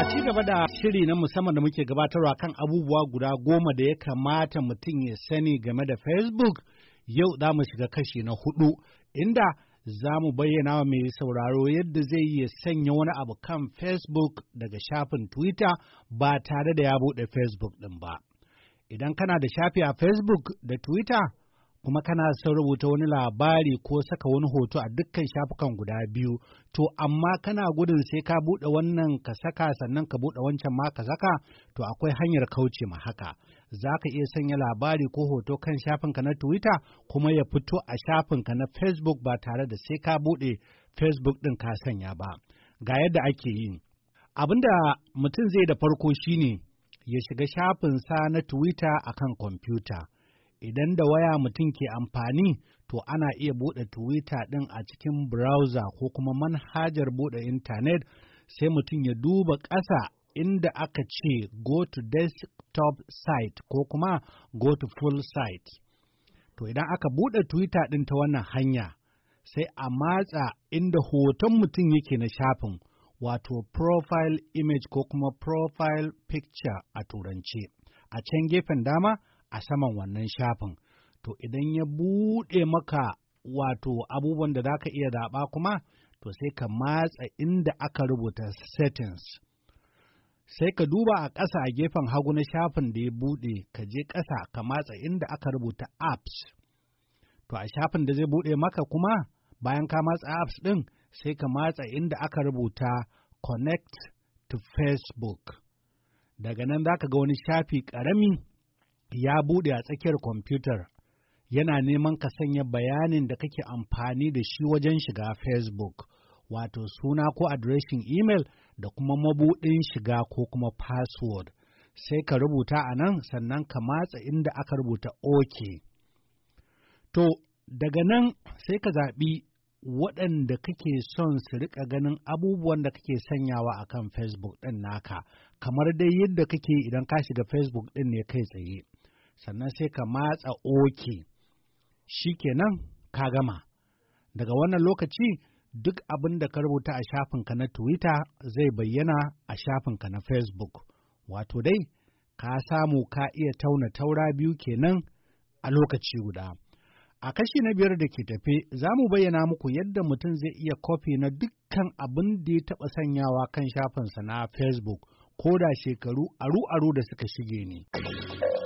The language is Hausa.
A ci gaba da shiri na musamman da muke gabatarwa kan abubuwa guda goma da ya kamata mutum ya sani game da Facebook yau za mu shiga kashi na hudu inda za mu bayyana wa mai sauraro yadda zai iya sanya wani abu kan Facebook daga shafin Twitter ba tare da ya buɗe Facebook ɗin ba. Idan kana da shafi a Facebook da Twitter kuma kana son rubuta wani labari ko saka wani hoto a dukkan shafukan guda biyu to amma kana gudun sai ka buɗe wannan ka saka sannan ka buɗe wancan ma ka saka to akwai hanyar kauce ma haka za ka iya sanya labari ko hoto kan shafin ka na twitter kuma ya fito a shafin ka na facebook ba tare da sai ka buɗe facebook ɗin ka sanya ba ga yadda ake yi abinda mutum zai da farko shine ya shiga shafinsa na twitter akan kwamfuta Idan da waya mutum ke amfani, to ana iya buɗe Twitter ɗin a cikin browser ko kuma manhajar buɗe intanet sai mutum ya duba ƙasa inda aka ce go to desktop site ko kuma go to full site. To idan aka buɗe Twitter ɗin ta wannan hanya, sai a matsa inda hoton mutum yake na shafin, wato profile image ko kuma profile picture a turance. A can gefen dama, a saman wannan shafin to idan ya buɗe maka wato abubuwan da za ka iya zaɓa kuma to sai ka matsa inda aka rubuta settings sai ka duba a ƙasa a gefen hagu na shafin da ya buɗe ka je ƙasa ka matsa inda aka rubuta apps to a shafin da zai buɗe maka kuma bayan ka matsa apps ɗin sai ka matsa inda aka rubuta connect to facebook daga nan za ka ga wani shafi ƙarami ya buɗe a tsakiyar kwamfutar yana neman ka sanya bayanin da kake amfani da shi wajen shiga Facebook, wato suna ko adireshin email da kuma mabudin shiga ko kuma password. Sai ka rubuta a nan sannan ka matsa inda aka rubuta OK. To, daga nan sai ka zaɓi waɗanda kake son su riƙa ganin abubuwan da kake sanyawa a kan Facebook ɗin naka, kamar dai yadda kake idan ka shiga Facebook ɗin ne kai tsaye. sannan sai ka matsa oke shi kenan ka gama daga wannan lokaci duk abin da ka rubuta a shafinka na twitter zai bayyana a shafinka na facebook wato dai ka samu ka iya tauna taura biyu kenan a lokaci guda. A kashi na biyar da ke tafe za mu bayyana muku yadda mutum zai iya kofi na dukkan abin da ya taɓa sanyawa kan shafinsa na Facebook ko da shekaru aru-aru da suka shige ne.